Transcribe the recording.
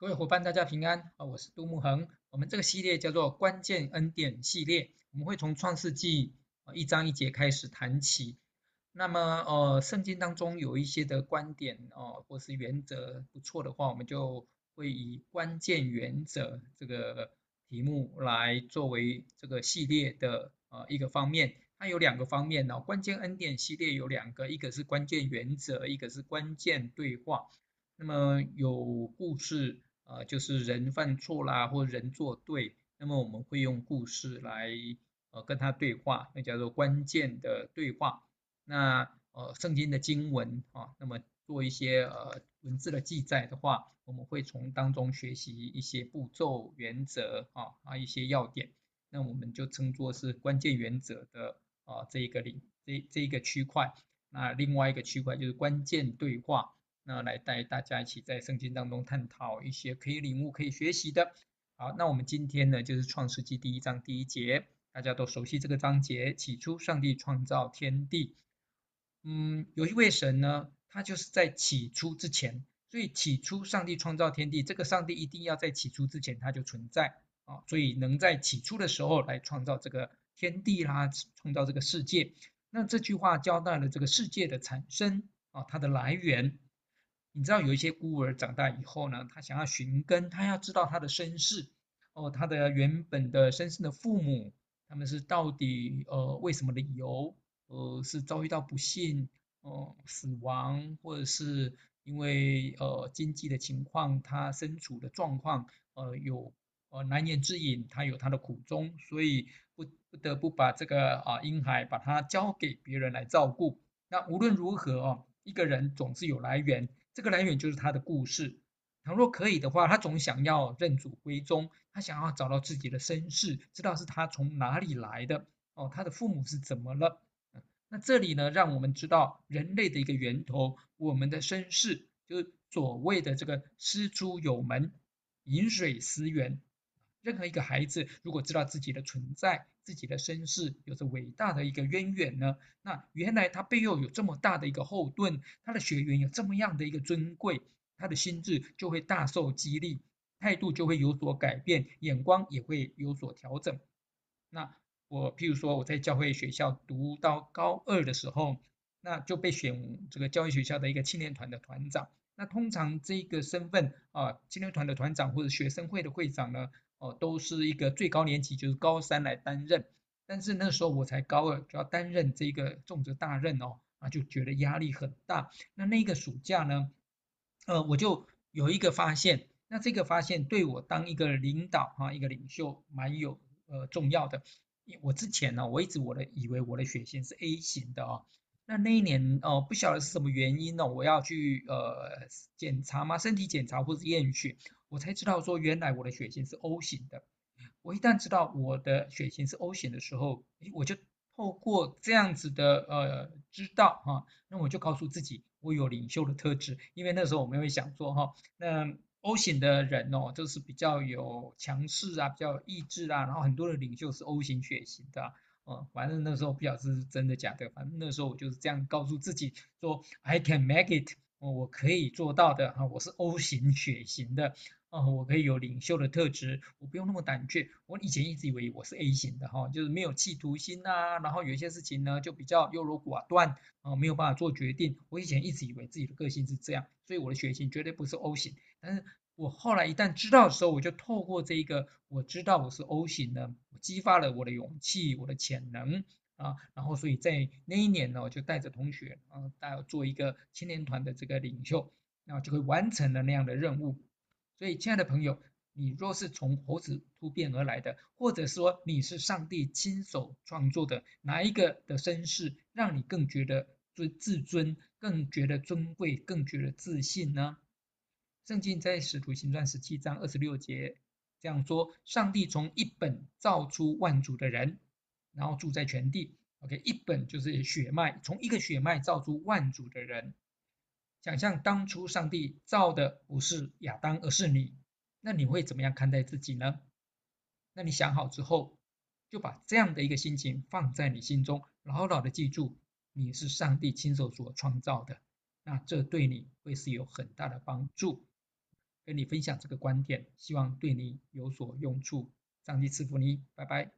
各位夥伴，大家平安。啊，我是杜慕恆。我們這個系列叫做關鍵恩典系列。我們會從創世紀一章一節開始談起。那麼，呃、哦，聖經當中有一些的觀點，哦，或是原則不錯的話，我們就會以關鍵原則這個題目來作為這個系列的呃、哦、一個方面。它有兩個方面呢、哦，關鍵恩典系列有兩個，一個是關鍵原則，一個是關鍵對話。那麼有故事。啊、呃，就是人犯錯啦，或人做對，那麼我們會用故事來呃跟他對話，那叫做關鍵的對話。那呃聖經的經文啊，那麼做一些呃文字的記載的話，我們會從當中學習一些步驟、原則啊，啊一些要點，那我們就稱作是關鍵原則的啊這一個裡，這這一個區塊。那另外一個區塊就是關鍵對話。那來帶大家一起在聖經當中探討一些可以領悟、可以學習的。好，那我們今天呢，就是創世紀第一章第一節，大家都熟悉這個章節。起初，上帝創造天地。嗯，有一位神呢，他就是在起初之前，所以起初上帝創造天地，這個上帝一定要在起初之前他就存在啊，所以能在起初的時候來創造這個天地啦，創造這個世界。那這句話交代了這個世界的產生啊，它的來源。你知道有一些孤兒長大以後呢，他想要尋根，他要知道他的身世，哦，他的原本的身世的父母，他們是到底呃為什麼理由，呃是遭遇到不幸，嗯、呃、死亡，或者是因為呃經濟的情況，他身處的狀況，呃有呃難言之隱，他有他的苦衷，所以不不得不把這個啊、呃、嬰孩把他交給別人來照顧。那無論如何哦，一個人總是有來源。這個來源就是他的故事。倘若可以的話，他總想要認祖歸宗，他想要找到自己的身世，知道是他從哪裡來的。哦，他的父母是怎麼了？那這裡呢，讓我們知道人類的一個源頭，我們的身世，就是所謂的這個“師出有門，飲水思源”。任何一個孩子，如果知道自己的存在、自己的身世，有着偉大的一個淵源呢，那原來他背後有這麼大的一個後盾，他的血緣有這麼樣的一個尊貴，他的心智就會大受激勵，態度就會有所改變，眼光也會有所調整。那我譬如說我在教會學校讀到高二的時候，那就被選這個教會學校的一個青年團的團長。那通常這個身份啊，青年團的團長或者學生會的會長呢？哦、呃，都是一個最高年級，就是高三來擔任，但是那時候我才高二，就要擔任這個重責大任哦，啊就覺得壓力很大。那那個暑假呢，呃，我就有一個發現，那這個發現對我當一個領導哈、啊，一個領袖蠻有呃重要的。我之前呢、啊，我一直我的以為我的血型是 A 型的哦，那那一年哦、呃，不曉得是什麼原因哦，我要去呃檢查嗎？身體檢查或者驗血。我才知道說，原來我的血型是 O 型的。我一旦知道我的血型是 O 型的時候，我就透過這樣子的呃知道哈，那我就告訴自己，我有領袖的特質。因為那時候我們會想說哈，那 O 型的人哦，就是比較有強勢啊，比較有意志啊，然後很多的領袖是 O 型血型的。嗯，反正那時候不曉得是真的假的，反正那時候我就是這樣告訴自己說，I can make it。我可以做到的哈，我是 O 型血型的，哦，我可以有領袖的特質，我不用那麼膽怯。我以前一直以為我是 A 型的哈，就是沒有企圖心吶、啊，然後有一些事情呢就比較優柔寡斷，哦，沒有辦法做決定。我以前一直以為自己的個性是這樣，所以我的血型絕對不是 O 型。但是我後來一旦知道的時候，我就透過這個，我知道我是 O 型的，我激發了我的勇氣，我的潛能。啊，然後所以在那一年呢，我就帶着同學啊，要做一個青年團的這個領袖，然後就會完成了那樣的任務。所以，親愛的朋友，你若是從猴子突變而來的，或者說你是上帝親手創作的，哪一個的身世讓你更覺得尊自尊，更覺得尊貴，更覺得自信呢？聖經在使徒行傳十七章二十六節這樣說：上帝從一本造出萬族的人。然後住在全地，OK，一本就是血脈，從一個血脈造出萬族的人。想象當初上帝造的不是亞當，而是你，那你會怎麼樣看待自己呢？那你想好之後，就把這樣的一個心情放在你心中，牢牢的記住，你是上帝親手所創造的，那這對你會是有很大的幫助。跟你分享這個觀點，希望對你有所用處。上帝賜福你，拜拜。